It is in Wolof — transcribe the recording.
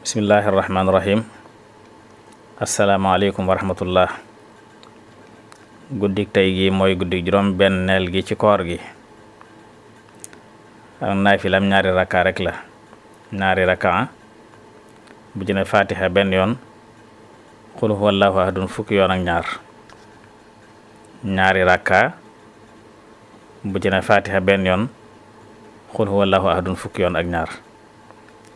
bismillahi irrahmaani irrahim asalaamaaleykum wa rahmatullah guddik tey gi mooy guddik juróom benneel gi ci koor gi ak naafilam ñaari rakka rek la ñaari rakka bu ci ne fatiha benn yoon xul huwallaahu ahadun fukki yoon ak ñaar ñaari rakka bu ci ne fatiha benn yoon xul huwallaahu ahadun fukki yoon ak ñaar